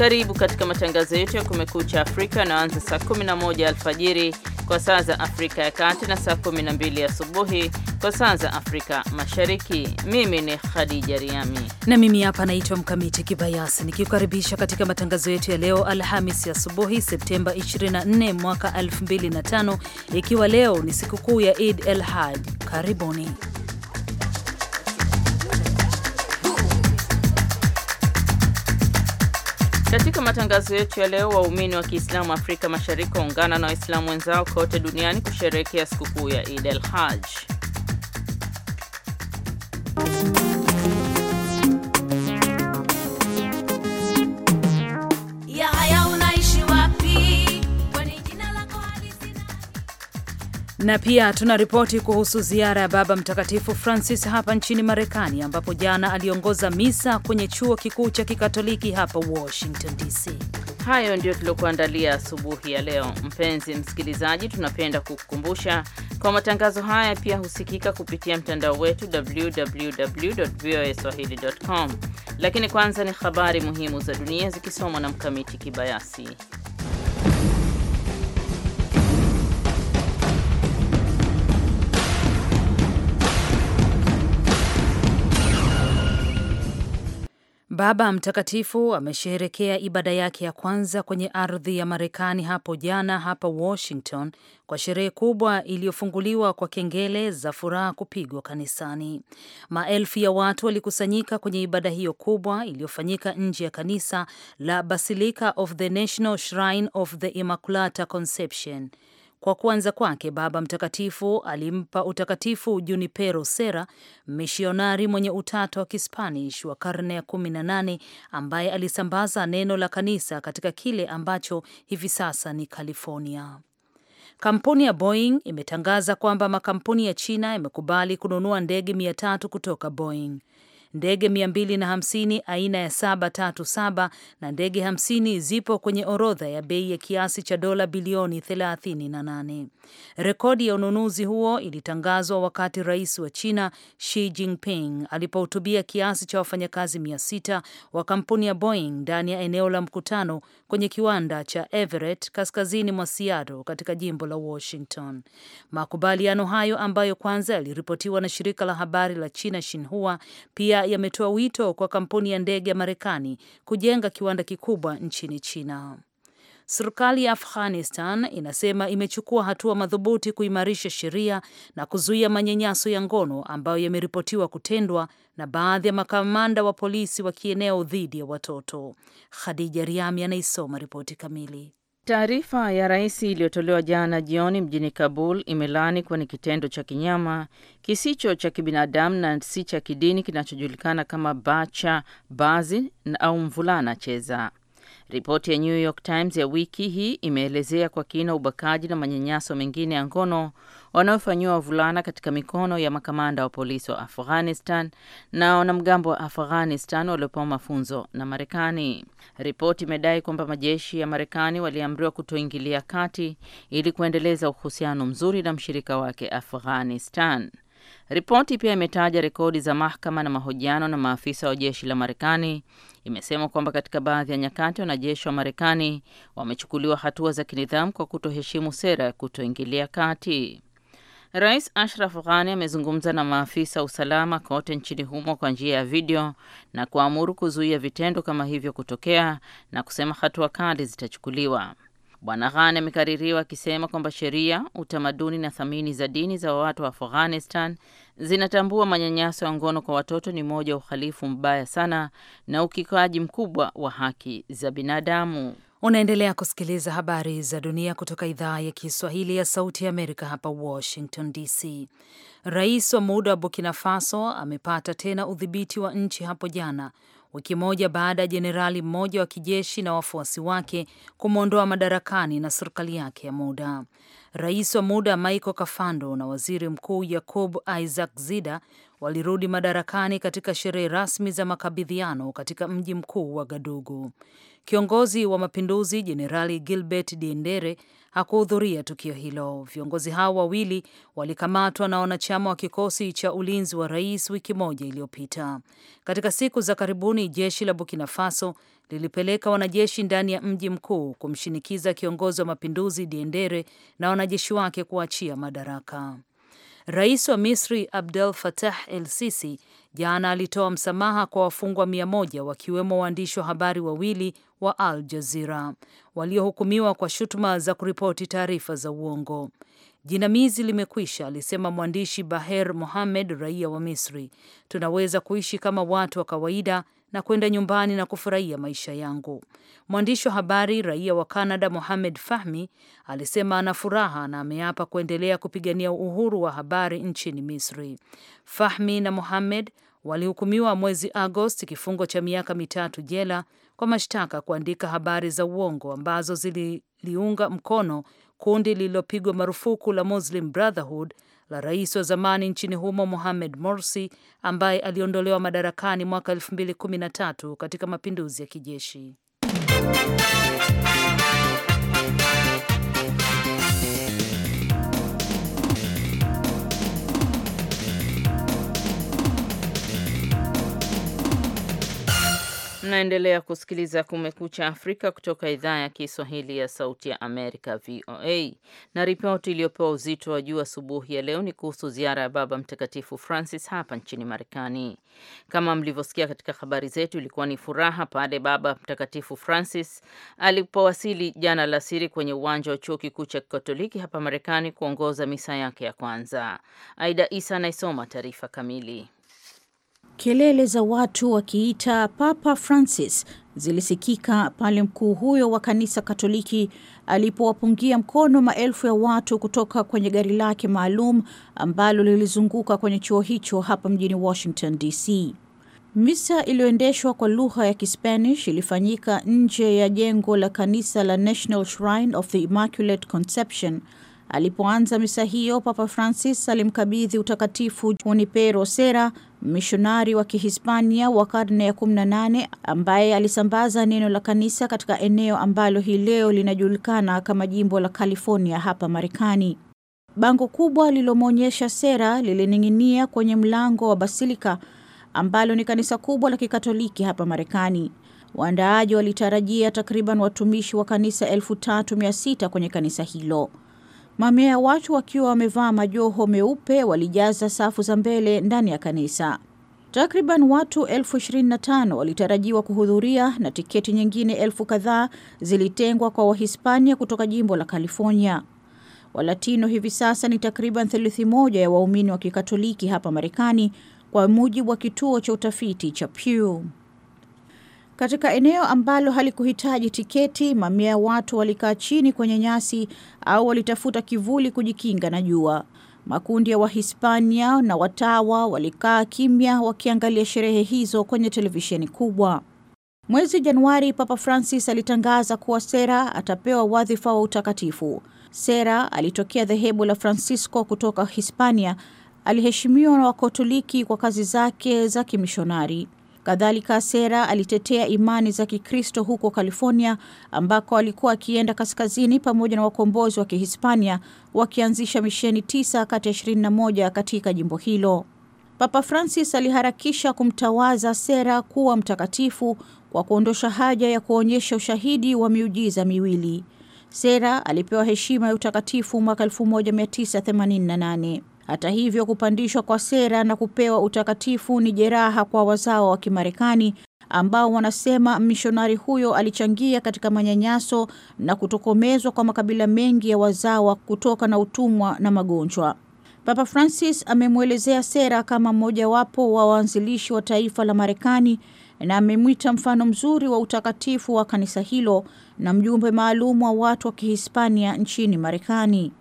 Karibu katika matangazo yetu ya kumekucha Afrika yanaanza saa 11 alfajiri kwa saa za Afrika ya Kati na saa 12 asubuhi kwa saa za Afrika Mashariki. Mimi ni Khadija Riami na mimi hapa naitwa Mkamiti Kibayasi nikiukaribisha katika matangazo yetu ya leo Alhamisi asubuhi Septemba 24 mwaka 2005, ikiwa leo ni sikukuu ya Eid el Haj. Karibuni. Katika matangazo yetu ya leo, waumini wa Kiislamu Afrika Mashariki waungana na Waislamu wenzao kote duniani kusherehekea sikukuu ya Eid el hajj na pia tuna ripoti kuhusu ziara ya Baba Mtakatifu Francis hapa nchini Marekani, ambapo jana aliongoza misa kwenye chuo kikuu cha kikatoliki hapa Washington DC. Hayo ndiyo tuliokuandalia asubuhi ya leo. Mpenzi msikilizaji, tunapenda kukukumbusha kwa matangazo haya pia husikika kupitia mtandao wetu www voa swahili com, lakini kwanza ni habari muhimu za dunia zikisomwa na Mkamiti Kibayasi. Baba Mtakatifu amesheherekea ibada yake ya kwanza kwenye ardhi ya Marekani hapo jana hapa Washington kwa sherehe kubwa iliyofunguliwa kwa kengele za furaha kupigwa kanisani. Maelfu ya watu walikusanyika kwenye ibada hiyo kubwa iliyofanyika nje ya kanisa la Basilica of the National Shrine of the Immaculata Conception. Kwa kuanza kwake, Baba Mtakatifu alimpa utakatifu Junipero sera mishionari mwenye utata wa Kispanish wa karne ya 18 ambaye alisambaza neno la kanisa katika kile ambacho hivi sasa ni California. Kampuni ya Boeing imetangaza kwamba makampuni ya China yamekubali kununua ndege mia tatu kutoka Boeing. Ndege 250 aina ya 737 na ndege 50 zipo kwenye orodha ya bei ya kiasi cha dola bilioni 38. Rekodi ya ununuzi huo ilitangazwa wakati rais wa China Xi Jinping alipohutubia kiasi cha wafanyakazi 600 wa kampuni ya Boeing ndani ya eneo la mkutano kwenye kiwanda cha Everett kaskazini mwa Seattle katika jimbo la Washington. Makubaliano hayo ambayo kwanza yaliripotiwa na shirika la habari la China Shinhua pia yametoa wito kwa kampuni ya ndege ya Marekani kujenga kiwanda kikubwa nchini China. Serikali ya Afghanistan inasema imechukua hatua madhubuti kuimarisha sheria na kuzuia manyanyaso ya ngono ambayo yameripotiwa kutendwa na baadhi ya makamanda wa polisi wa kieneo dhidi ya watoto. Khadija Riami anaisoma ripoti kamili. Taarifa ya rais iliyotolewa jana jioni mjini Kabul imelaani kuwa ni kitendo cha kinyama kisicho cha kibinadamu na si cha kidini kinachojulikana kama Bacha Bazi au mvulana cheza. Ripoti ya New York Times ya wiki hii imeelezea kwa kina ubakaji na manyanyaso mengine ya ngono wanaofanyiwa wavulana katika mikono ya makamanda wa polisi wa Afghanistan na wanamgambo wa Afghanistan waliopewa mafunzo na Marekani. Ripoti imedai kwamba majeshi ya Marekani waliamriwa kutoingilia kati ili kuendeleza uhusiano mzuri na mshirika wake Afghanistan. Ripoti pia imetaja rekodi za mahakama na mahojiano na maafisa wa jeshi la Marekani. Imesema kwamba katika baadhi ya nyakati wanajeshi wa Marekani wamechukuliwa hatua za kinidhamu kwa kutoheshimu sera ya kutoingilia kati. Rais Ashraf Ghani amezungumza na maafisa usalama kote nchini humo kwa njia ya video na kuamuru kuzuia vitendo kama hivyo kutokea na kusema hatua kali zitachukuliwa. Bwana Ghani amekaririwa akisema kwamba sheria, utamaduni na thamani za dini za watu wa Afghanistan zinatambua manyanyaso ya ngono kwa watoto ni moja ya uhalifu mbaya sana na ukiukaji mkubwa wa haki za binadamu. Unaendelea kusikiliza habari za dunia kutoka idhaa ya Kiswahili ya Sauti ya Amerika hapa Washington DC. Rais wa muda wa Burkina Faso amepata tena udhibiti wa nchi hapo jana wiki moja baada ya jenerali mmoja wa kijeshi na wafuasi wake kumwondoa madarakani na serikali yake ya muda. Rais wa muda Michael Kafando na waziri mkuu Yakub Isaac Zida walirudi madarakani katika sherehe rasmi za makabidhiano katika mji mkuu wa Gadugu. Kiongozi wa mapinduzi Jenerali Gilbert Diendere hakuhudhuria tukio hilo. Viongozi hao wawili walikamatwa na wanachama wa kikosi cha ulinzi wa rais wiki moja iliyopita. Katika siku za karibuni, jeshi la Burkina Faso lilipeleka wanajeshi ndani ya mji mkuu kumshinikiza kiongozi wa mapinduzi Diendere na wanajeshi wake kuachia madaraka. Rais wa Misri Abdel Fattah El Sisi jana alitoa msamaha kwa wafungwa mia moja wakiwemo waandishi wa habari wawili wa Al jazira waliohukumiwa kwa shutuma za kuripoti taarifa za uongo. Jinamizi limekwisha, alisema mwandishi Baher Mohamed, raia wa Misri. Tunaweza kuishi kama watu wa kawaida na kwenda nyumbani na kufurahia maisha yangu. Mwandishi wa habari raia wa canada Mohamed Fahmi alisema ana furaha na ameapa kuendelea kupigania uhuru wa habari nchini Misri. Fahmi na Mohamed walihukumiwa mwezi Agosti kifungo cha miaka mitatu jela kwa mashtaka kuandika habari za uongo ambazo zililiunga mkono kundi lililopigwa marufuku la Muslim Brotherhood la rais wa zamani nchini humo Mohamed Morsi ambaye aliondolewa madarakani mwaka 2013 katika mapinduzi ya kijeshi. Mnaendelea kusikiliza Kumekucha Afrika kutoka idhaa ya Kiswahili ya Sauti ya Amerika, VOA. Na ripoti iliyopewa uzito wa juu asubuhi ya leo ni kuhusu ziara ya Baba Mtakatifu Francis hapa nchini Marekani. Kama mlivyosikia katika habari zetu, ilikuwa ni furaha pale Baba Mtakatifu Francis alipowasili jana alasiri kwenye uwanja wa chuo kikuu cha Kikatoliki hapa Marekani kuongoza misa yake ya kwanza. Aida Isa anaisoma taarifa kamili. Kelele za watu wakiita Papa Francis zilisikika pale mkuu huyo wa kanisa Katoliki alipowapungia mkono maelfu ya watu kutoka kwenye gari lake maalum ambalo lilizunguka kwenye chuo hicho hapa mjini Washington DC. Misa iliyoendeshwa kwa lugha ya Kispanish ilifanyika nje ya jengo la kanisa la National Shrine of the Immaculate Conception Alipoanza misa hiyo, Papa Francis alimkabidhi utakatifu Junipero Serra, mishonari wa Kihispania wa karne ya 18 ambaye alisambaza neno la kanisa katika eneo ambalo hii leo linajulikana kama jimbo la California hapa Marekani. Bango kubwa lililomwonyesha Serra lilining'inia kwenye mlango wa Basilika ambalo ni kanisa kubwa la Kikatoliki hapa Marekani. Waandaaji walitarajia takriban watumishi wa kanisa elfu tatu mia sita kwenye kanisa hilo. Mamia ya watu wakiwa wamevaa majoho meupe walijaza safu za mbele ndani ya kanisa. Takriban watu elfu ishirini na tano walitarajiwa kuhudhuria na tiketi nyingine elfu kadhaa zilitengwa kwa Wahispania kutoka jimbo la California. Walatino hivi sasa ni takriban theluthi moja ya waumini wa Kikatoliki hapa Marekani, kwa mujibu wa kituo cha utafiti cha Pew. Katika eneo ambalo halikuhitaji tiketi, mamia ya watu walikaa chini kwenye nyasi au walitafuta kivuli kujikinga na jua. Makundi ya Wahispania na watawa walikaa kimya wakiangalia sherehe hizo kwenye televisheni kubwa. Mwezi Januari, Papa Francis alitangaza kuwa Sera atapewa wadhifa wa utakatifu. Sera alitokea dhehebu la Francisco kutoka Hispania. Aliheshimiwa na Wakatoliki kwa kazi zake za kimishonari. Kadhalika, Sera alitetea imani za Kikristo huko California ambako alikuwa akienda kaskazini pamoja na wakombozi wa Kihispania wakianzisha misheni tisa kati ya 21 katika jimbo hilo. Papa Francis aliharakisha kumtawaza Sera kuwa mtakatifu kwa kuondosha haja ya kuonyesha ushahidi wa miujiza miwili. Sera alipewa heshima ya utakatifu mwaka 1988. Hata hivyo, kupandishwa kwa sera na kupewa utakatifu ni jeraha kwa wazao wa Kimarekani ambao wanasema mishonari huyo alichangia katika manyanyaso na kutokomezwa kwa makabila mengi ya wazawa kutoka na utumwa na magonjwa. Papa Francis amemwelezea sera kama mmojawapo wa waanzilishi wa taifa la Marekani na amemwita mfano mzuri wa utakatifu wa kanisa hilo na mjumbe maalum wa watu wa Kihispania nchini Marekani.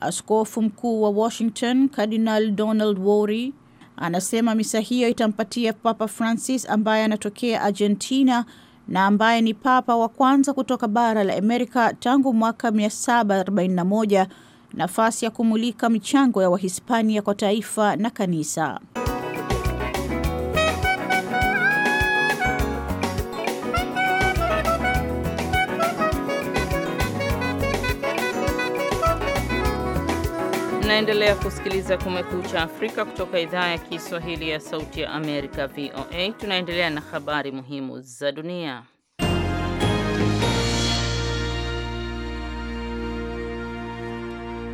Askofu mkuu wa Washington Cardinal Donald wory anasema misa hiyo itampatia Papa Francis ambaye anatokea Argentina na ambaye ni papa wa kwanza kutoka bara la Amerika tangu mwaka 741 nafasi ya kumulika michango ya Wahispania kwa taifa na kanisa. Mnaendelea kusikiliza Kumekucha Afrika kutoka idhaa ya Kiswahili ya Sauti ya Amerika, VOA. Tunaendelea na habari muhimu za dunia.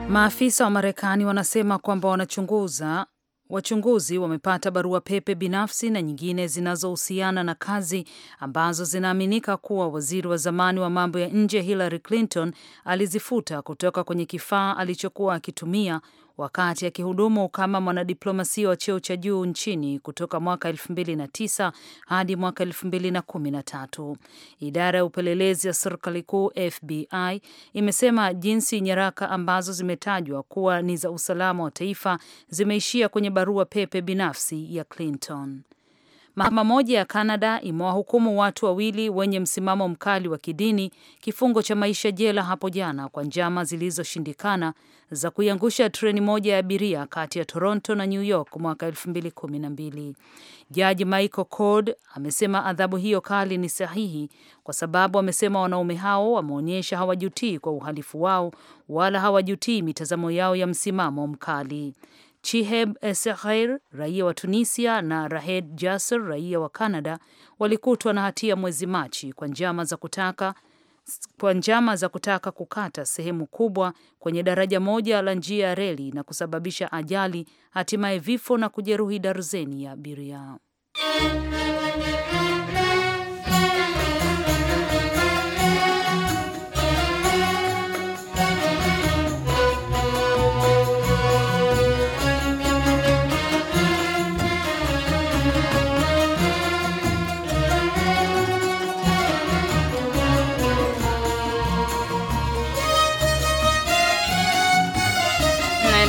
Maafisa wa Marekani wanasema kwamba wanachunguza Wachunguzi wamepata barua pepe binafsi na nyingine zinazohusiana na kazi ambazo zinaaminika kuwa waziri wa zamani wa mambo ya nje Hillary Clinton alizifuta kutoka kwenye kifaa alichokuwa akitumia wakati akihudumu kama mwanadiplomasia wa cheo cha juu nchini kutoka mwaka 2009 hadi mwaka 2013. Idara ya upelelezi ya serikali kuu FBI imesema jinsi nyaraka ambazo zimetajwa kuwa ni za usalama wa taifa zimeishia kwenye barua pepe binafsi ya Clinton. Mahakama moja ya Kanada imewahukumu watu wawili wenye msimamo mkali wa kidini kifungo cha maisha jela hapo jana kwa njama zilizoshindikana za kuiangusha treni moja ya abiria kati ya Toronto na New York mwaka mbili Jaji Michael Cord amesema adhabu hiyo kali ni sahihi kwa sababu amesema wanaume hao wameonyesha hawajutii kwa uhalifu wao wala hawajutii mitazamo yao ya msimamo mkali. Chiheb Esseghir, raia wa Tunisia, na Rahed Jasser, raia wa Canada, walikutwa na hatia mwezi Machi kwa njama za kutaka kwa njama za kutaka kukata sehemu kubwa kwenye daraja moja la njia ya reli na kusababisha ajali, hatimaye vifo na kujeruhi darzeni ya abiria.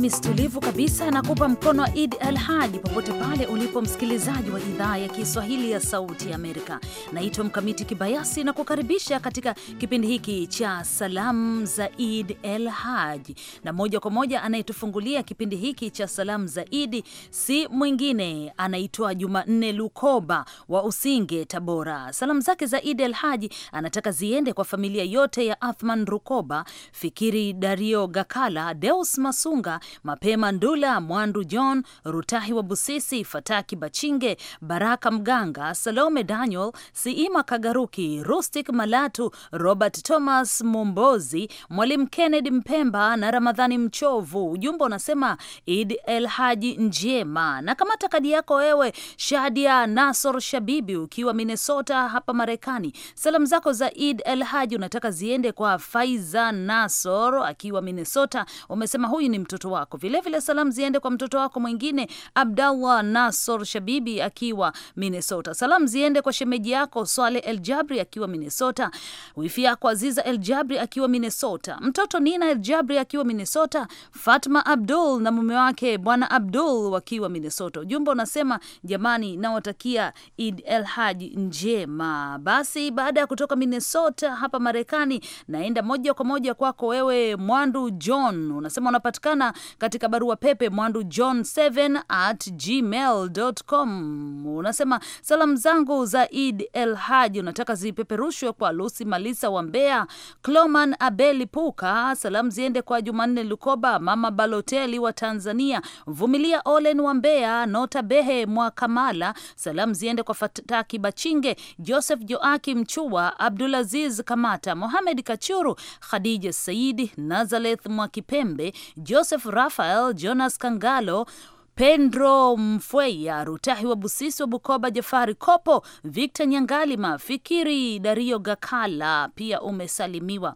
Alhamis tulivu kabisa, kupa mkono wa al Haji popote pale ulipo msikilizaji wa idhaa ya Kiswahili ya Sauti ya Amerika. Naitwa Mkamiti Kibayasi na kukaribisha katika kipindi hiki cha salamu za id el Haji, na moja kwa moja anayetufungulia kipindi hiki cha salamu za Idi si mwingine anaitwa Jumanne Lukoba wa Usinge, Tabora. Salamu zake za id el Haji anataka ziende kwa familia yote ya Athman Rukoba, Fikiri Dario Gakala, Deus Masunga, Mapema Ndula, Mwandu John, Rutahi wa Busisi, Fataki Bachinge, Baraka Mganga, Salome Daniel, Siima Kagaruki, Rustic Malatu, Robert Thomas Mombozi, Mwalimu Kennedy Mpemba na Ramadhani Mchovu. Ujumbe unasema Id el Haji njema. Na kamata kadi yako wewe, Shadia Nasor Shabibi, ukiwa Minnesota hapa Marekani. Salamu zako za Id el Haji unataka ziende kwa Faiza Nasor akiwa Minnesota. Umesema huyu ni mtoto wa wako. Vilevile salamu ziende kwa mtoto wako mwingine Abdallah Nasor Shabibi akiwa Minnesota. Salamu ziende kwa shemeji yako Swale el jabri akiwa Minnesota, wifi yako Aziza el jabri akiwa Minnesota, mtoto Nina Jabri akiwa Minnesota, Fatma Abdul na mume wake Bwana Abdul wakiwa Minnesota. Ujumbe unasema jamani, nawatakia Id el Haji njema. Basi baada ya kutoka Minnesota hapa Marekani, naenda moja kwa moja kwako wewe Mwandu John, unasema unapatikana katika barua pepe mwandu john 7 at gmail.com. Unasema salamu zangu za Id El haj unataka zipeperushwe kwa Lusi Malisa wa Mbeya, Cloman Abeli Puka. Salamu ziende kwa Jumanne Lukoba, Mama Baloteli wa Tanzania, Vumilia Olen wa Mbeya, Nota Behe mwa Kamala. Salamu ziende kwa Fataki Bachinge, Joseph Joakim Chua, Abdulaziz Kamata, Mohamed Kachuru, Khadija Saidi, Nazareth Mwakipembe, Joseph Rafael Jonas Kangalo, Pedro Mfweya, Rutahi wa Busisi wa Bukoba, Jafari Kopo, Victor Nyangalima, Fikiri Dario Gakala pia umesalimiwa.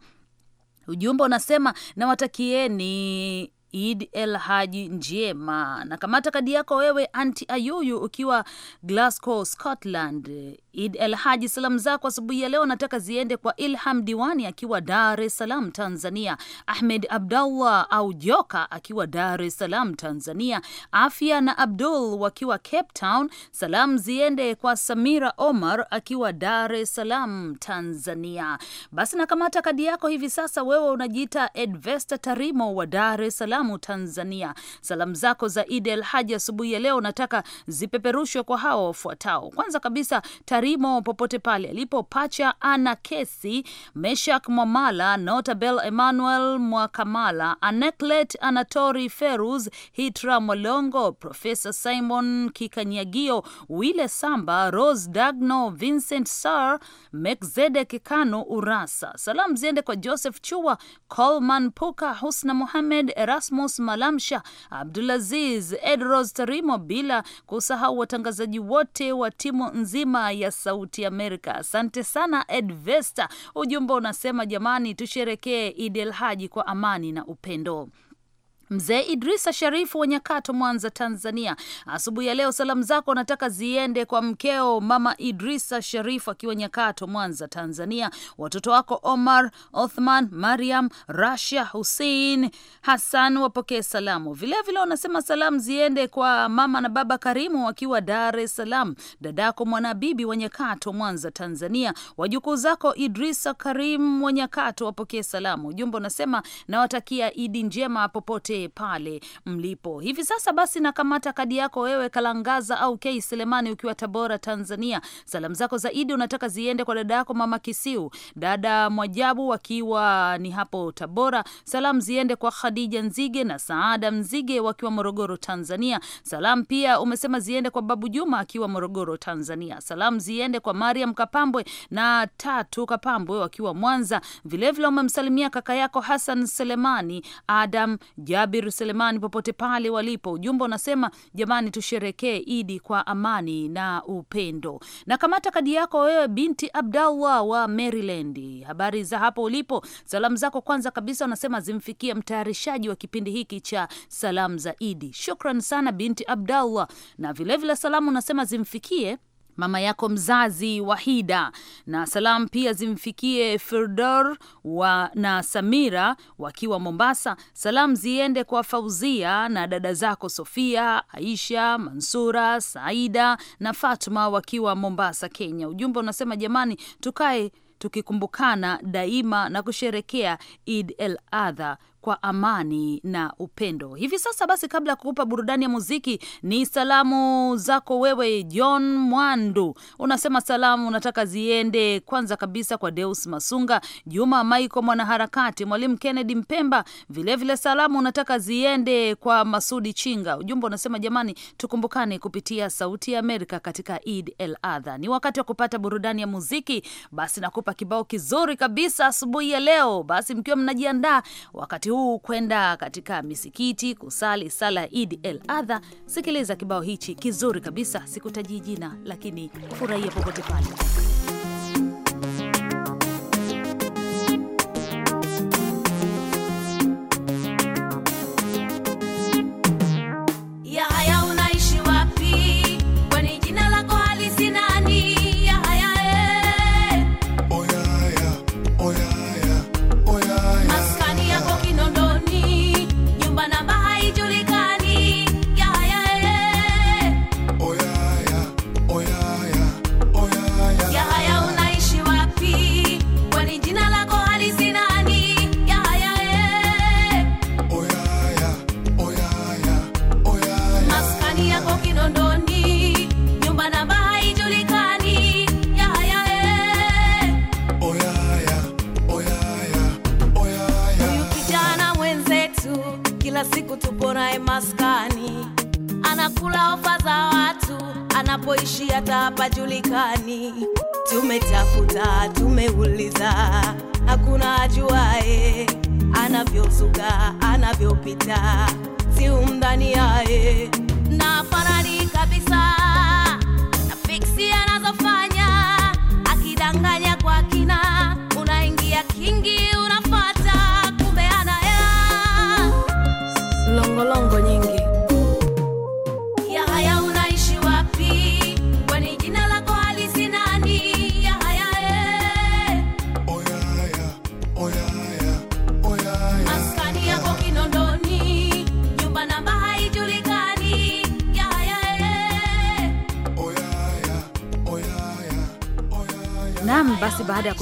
Ujumbe unasema nawatakieni Eid el Haji njema. Na kamata kadi yako wewe, anti Ayuyu, ukiwa Glasgow, Scotland. Id El Haji, salamu zako asubuhi ya leo nataka ziende kwa Ilham Diwani akiwa Dar es Salaam Tanzania, Ahmed Abdallah au Joka akiwa Dar es Salaam Tanzania, Afya na Abdul wakiwa Cape Town. Salamu ziende kwa Samira Omar akiwa Dar es Salaam Tanzania. Basi nakamata kadi yako hivi sasa, wewe unajiita Edvesta Tarimo wa Dar es Salaam Tanzania. Salamu zako za Id El Haji asubuhi ya leo nataka zipeperushwe kwa hao wafuatao. Kwanza kabisa Tarimo popote pale alipo, Pacha Ana Kesi, Meshak Mwamala, Notabel Emmanuel Mwakamala, Aneklet Anatori ferus Hitra Mwalongo, Profesa Simon Kikanyagio, Wile Samba, Rose Dagno, Vincent Sar, Mekzede Kano Urasa. Salamu ziende kwa Joseph Chua, Colman Puka, Husna muhamed Erasmus Malamsha, Abdulaziz Edros Tarimo, bila kusahau watangazaji wote wa timu nzima ya Sauti Amerika. Asante sana Edvesta, ujumbe unasema jamani, tusherekee Idel Haji kwa amani na upendo. Mzee Idrisa Sharifu wa Nyakato, Mwanza, Tanzania, asubuhi ya leo salamu zako nataka ziende kwa mkeo Mama Idrisa Sharifu akiwa Nyakato, Mwanza, Tanzania, watoto wako Omar, Othman, Mariam, Rasia, Hussein, Hassan wapokee salamu. Vilevile wanasema salamu ziende kwa mama na baba Karimu wakiwa Dar es Salaam, dadako Mwanabibi wa Nyakato, Mwanza, Tanzania, wajukuu zako Idrisa Karimu wa Nyakato wapokee salamu. Ujumbe unasema nawatakia Idi njema popote pale pale mlipo hivi sasa. Basi nakamata kadi yako wewe Kalangaza au K Selemani, ukiwa Tabora, Tanzania. Salamu zako zaidi unataka ziende kwa dada yako Mama Kisiu, dada Mwajabu wakiwa ni hapo Tabora. Salamu ziende kwa Khadija Nzige na Saada Mzige wakiwa Morogoro, Tanzania. Salamu pia umesema ziende kwa Babu Juma akiwa Morogoro, Tanzania. Salamu ziende kwa Mariam Kapambwe na Tatu Kapambwe wakiwa Mwanza. Vilevile umemsalimia kaka yako Hassan Selemani Adam ja Jabiru Selemani, popote pale walipo, ujumbe unasema jamani, tusherekee Idi kwa amani na upendo. Na kamata kadi yako wewe, binti Abdallah wa Maryland, habari za hapo ulipo. Salamu zako kwanza kabisa unasema zimfikia mtayarishaji wa kipindi hiki cha salamu za Idi. Shukran sana binti Abdallah, na vilevile vile salamu unasema zimfikie mama yako mzazi Wahida, na salamu pia zimfikie Firdor wa na Samira wakiwa Mombasa. Salamu ziende kwa Fauzia na dada zako Sofia, Aisha, Mansura, Saida na fatma wakiwa Mombasa, Kenya. Ujumbe unasema jamani, tukae tukikumbukana daima na kusherekea Id el Adha kwa amani na upendo. Hivi sasa basi, kabla ya kukupa burudani ya muziki, ni salamu zako wewe John Mwandu. Unasema salamu unataka ziende kwanza kabisa kwa Deus Masunga, Juma Maiko mwanaharakati, Mwalimu Kennedy Mpemba. Vilevile vile salamu unataka ziende kwa Masudi Chinga. Ujumbe unasema jamani, tukumbukane kupitia Sauti ya Amerika katika Eid el Adha. Ni wakati wa kupata burudani ya muziki, basi nakupa kibao kizuri kabisa asubuhi ya leo. Basi mkiwa mnajiandaa wakati huu kwenda katika misikiti kusali sala ya Idi el Adha, sikiliza kibao hichi kizuri kabisa. Sikutajii jina, lakini furahia popote pale.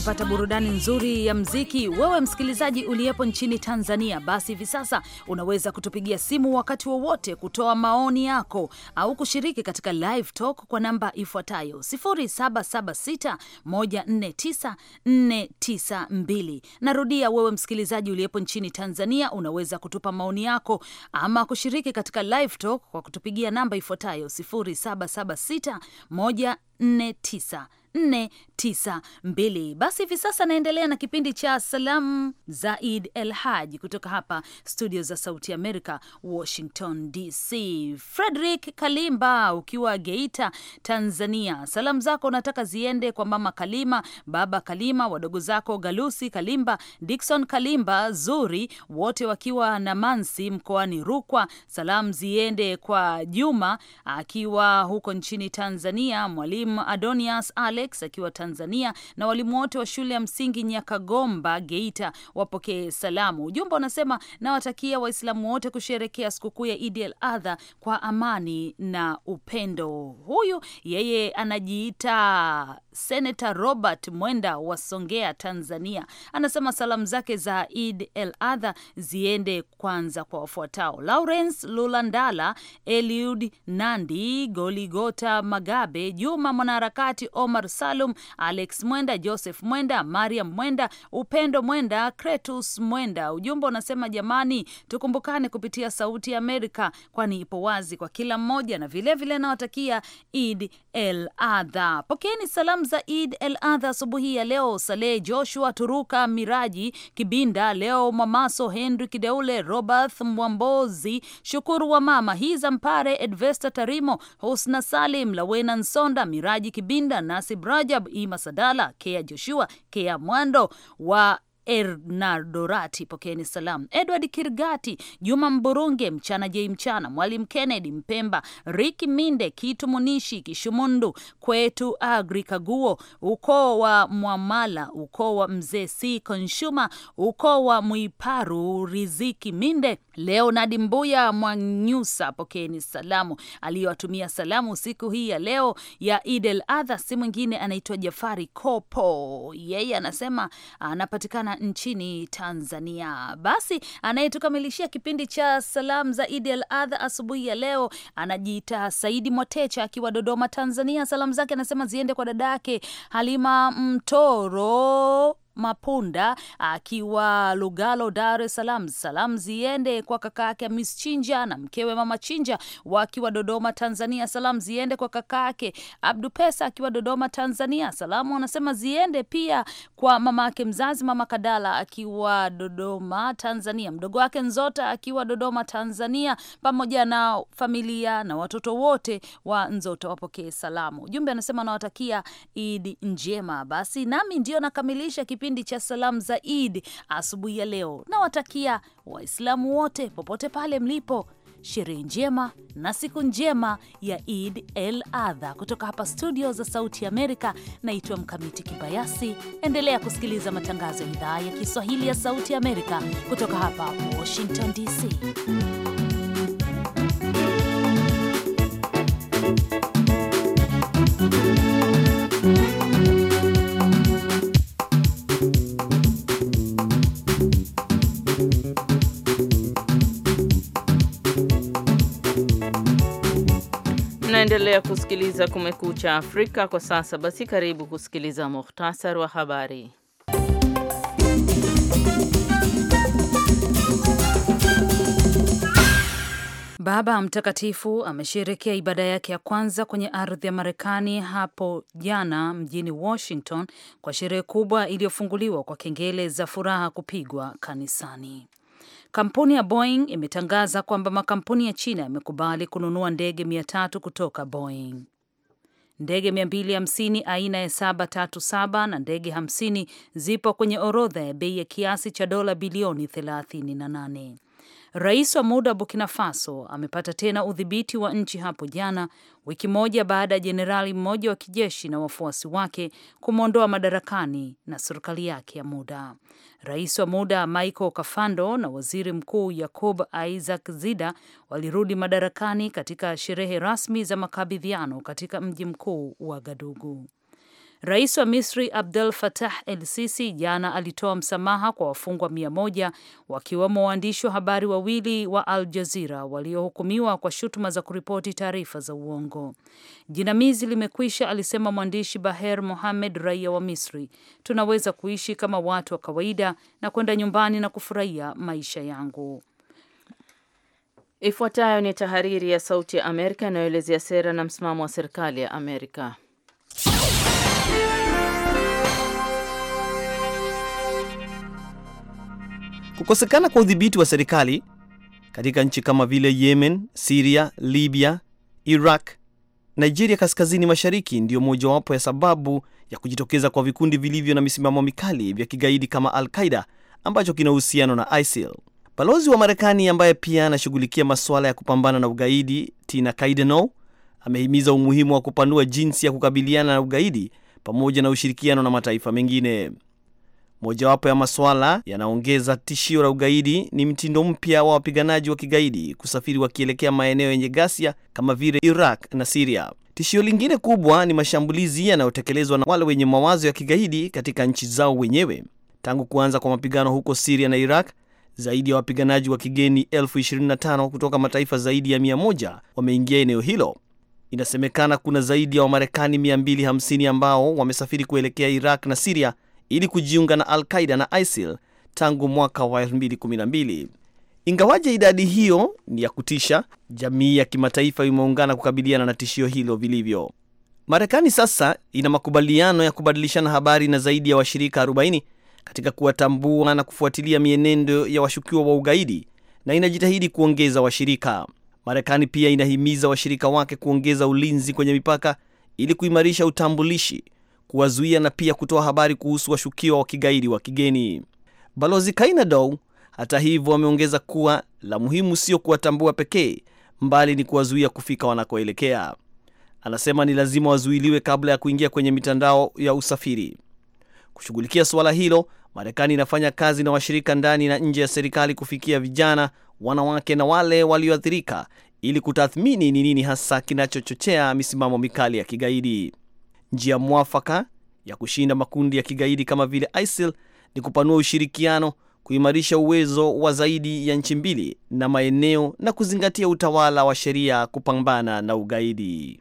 kupata burudani nzuri ya mziki. Wewe msikilizaji uliyepo nchini Tanzania, basi hivi sasa unaweza kutupigia simu wakati wowote kutoa maoni yako au kushiriki katika live talk kwa namba ifuatayo 0776149492. Narudia, wewe msikilizaji uliyepo nchini Tanzania unaweza kutupa maoni yako ama kushiriki katika live talk kwa kutupigia namba ifuatayo 776149 492. Basi hivi sasa naendelea na kipindi cha salamu za el Haj kutoka hapa studio za Sauti Amerika, Washington DC. Frederick Kalimba ukiwa Geita, Tanzania, salamu zako unataka ziende kwa mama Kalima, baba Kalima, wadogo zako Galusi Kalimba, Dikson Kalimba, Zuri, wote wakiwa na Mansi mkoani Rukwa. Salamu ziende kwa Juma akiwa huko nchini Tanzania, mwalimu Adonias Ale Alex akiwa Tanzania na walimu wote wa shule ya msingi Nyakagomba Geita wapokee salamu. Ujumbe unasema nawatakia Waislamu wote kusherekea sikukuu ya Idi el Adha kwa amani na upendo. Huyu yeye anajiita Senata Robert Mwenda wa Songea, Tanzania, anasema salamu zake za id el Adha ziende kwanza kwa wafuatao: Lawrence Lulandala, Eliud Nandi, Goligota Magabe, Juma mwanaharakati, Omar Salum, Alex Mwenda, Joseph Mwenda, Mariam Mwenda, Upendo Mwenda, Kretus Mwenda. Ujumbe unasema jamani, tukumbukane kupitia Sauti ya Amerika, kwani ipo wazi kwa kila mmoja, na vilevile nawatakia Eid el Adha. Pokeeni salamu za Eid el Adha asubuhi ya leo, sale Joshua Turuka, Miraji Kibinda, Leo Mwamaso, Henry Kideule, Robert Mwambozi, Shukuru wa Mama Hiza Mpare, Edvesta Tarimo, Husna Salim, Lawena Nsonda, Miraji Kibinda, Nasib Rajab, Ima Sadala, Kea Joshua, Kea Mwando wa Ernadorati, pokeeni salamu. Edward Kirgati, Juma Mburunge, Mchana Jei, Mchana Mwalimu Kennedy Mpemba, Riki Minde, Kitu Munishi, Kishumundu Kwetu, Agri Kaguo, ukoo wa Mwamala, ukoo wa Mzee C konshuma ukoo wa Mwiparu, Riziki Minde, Leonadi Mbuya Mwanyusa, pokeeni salamu. Aliyowatumia salamu siku hii ya leo ya Idel Adha si mwingine anaitwa Jafari Kopo. Yeye anasema anapatikana sana nchini Tanzania. Basi anayetukamilishia kipindi cha salamu za Idi al Adha asubuhi ya leo anajiita Saidi Mwatecha akiwa Dodoma, Tanzania. Salamu zake anasema ziende kwa dadake Halima Mtoro Mapunda akiwa Lugalo, Dar es Salaam. Salamu ziende kwa yake Miss Chinja na mkewe Mama Chinja wakiwa Dodoma, Tanzania. Salamu ziende kwa kakake Abdu Pesa akiwa Dodoma, Tanzania. Salamu anasema ziende pia kwa mama yake mzazi Mama Kadala akiwa Dodoma, Tanzania, mdogo wake Nzota akiwa Dodoma, Tanzania, pamoja na familia na watoto wote wa Nzota wapokee salamu. Ujumbe anasema anawatakia Idi njema. Basi nami ndio nakamilisha kipi kipindi cha salamu za Eid asubuhi ya leo. Nawatakia Waislamu wote popote pale mlipo sherehe njema na siku njema ya Eid el Adha. Kutoka hapa studio za Sauti Amerika, naitwa Mkamiti Kibayasi. Endelea kusikiliza matangazo ya idhaa ya Kiswahili ya Sauti Amerika kutoka hapa Washington DC. Unaendelea kusikiliza Kumekucha Afrika kwa sasa. Basi karibu kusikiliza muhtasari wa habari. Baba Mtakatifu amesherekea ibada yake ya kwanza kwenye ardhi ya Marekani hapo jana mjini Washington kwa sherehe kubwa iliyofunguliwa kwa kengele za furaha kupigwa kanisani. Kampuni ya Boeing imetangaza kwamba makampuni ya China yamekubali kununua ndege 300 kutoka Boeing. Ndege 250 aina ya 737 na ndege 50 zipo kwenye orodha ya bei ya kiasi cha dola bilioni 38. Rais wa muda wa Burkina Faso amepata tena udhibiti wa nchi hapo jana, wiki moja baada ya jenerali mmoja wa kijeshi na wafuasi wake kumwondoa madarakani na serikali yake ya muda. Rais wa muda Michael Kafando na waziri mkuu Yakub Isaac Zida walirudi madarakani katika sherehe rasmi za makabidhiano katika mji mkuu wa Gadugu. Rais wa Misri Abdel Fattah El Sisi jana alitoa msamaha kwa wafungwa mia moja wakiwemo waandishi wa habari wawili wa Al Jazira waliohukumiwa kwa shutuma za kuripoti taarifa za uongo. Jinamizi limekwisha, alisema mwandishi Baher Mohamed, raia wa Misri. Tunaweza kuishi kama watu wa kawaida na kwenda nyumbani na kufurahia maisha yangu. Ifuatayo ni tahariri ya Sauti ya Amerika inayoelezea sera na msimamo wa serikali ya Amerika. Kukosekana kwa udhibiti wa serikali katika nchi kama vile Yemen, Siria, Libya, Iraq, Nigeria kaskazini mashariki ndiyo mojawapo ya sababu ya kujitokeza kwa vikundi vilivyo na misimamo mikali vya kigaidi kama Al-Qaida ambacho kina uhusiano na ISIL. Balozi wa Marekani ambaye pia anashughulikia masuala ya kupambana na ugaidi Tina Kaidenow amehimiza umuhimu wa kupanua jinsi ya kukabiliana na ugaidi pamoja na ushirikiano na mataifa mengine. Mojawapo ya masuala yanaongeza tishio la ugaidi ni mtindo mpya wa wapiganaji wa kigaidi kusafiri wakielekea maeneo yenye ghasia kama vile Iraq na Siria. Tishio lingine kubwa ni mashambulizi yanayotekelezwa na wale wenye mawazo ya kigaidi katika nchi zao wenyewe. Tangu kuanza kwa mapigano huko Siria na Iraq, zaidi ya wapiganaji wa kigeni elfu 25 kutoka mataifa zaidi ya 100 wameingia eneo hilo. Inasemekana kuna zaidi ya Wamarekani 250 ambao wamesafiri kuelekea Iraq na Siria ili kujiunga na Al-Qaida na ISIL tangu mwaka wa 2012. Ingawaje idadi hiyo ni ya kutisha, jamii ya kimataifa imeungana kukabiliana na tishio hilo vilivyo. Marekani sasa ina makubaliano ya kubadilishana habari na zaidi ya washirika 40 katika kuwatambua na kufuatilia mienendo ya washukiwa wa ugaidi na inajitahidi kuongeza washirika. Marekani pia inahimiza washirika wake kuongeza ulinzi kwenye mipaka ili kuimarisha utambulishi kuwazuia na pia kutoa habari kuhusu washukiwa wa kigaidi wa kigeni. Balozi Kainadow hata hivyo ameongeza kuwa la muhimu sio kuwatambua pekee, mbali ni kuwazuia kufika wanakoelekea. Anasema ni lazima wazuiliwe kabla ya kuingia kwenye mitandao ya usafiri. Kushughulikia suala hilo, Marekani inafanya kazi na washirika ndani na nje ya serikali kufikia vijana, wanawake na wale walioathirika, ili kutathmini ni nini hasa kinachochochea misimamo mikali ya kigaidi. Njia mwafaka ya kushinda makundi ya kigaidi kama vile ISIL ni kupanua ushirikiano, kuimarisha uwezo wa zaidi ya nchi mbili na maeneo na kuzingatia utawala wa sheria kupambana na ugaidi.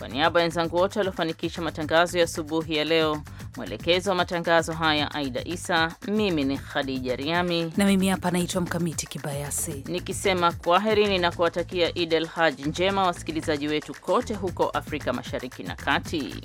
Kwa niaba ya wenzangu wote waliofanikisha matangazo ya asubuhi ya leo, mwelekezo wa matangazo haya Aida Isa, mimi ni Khadija Riami na mimi hapa naitwa Mkamiti Kibayasi nikisema kwaherini na kuwatakia Idel Haji njema wasikilizaji wetu kote huko Afrika Mashariki na Kati.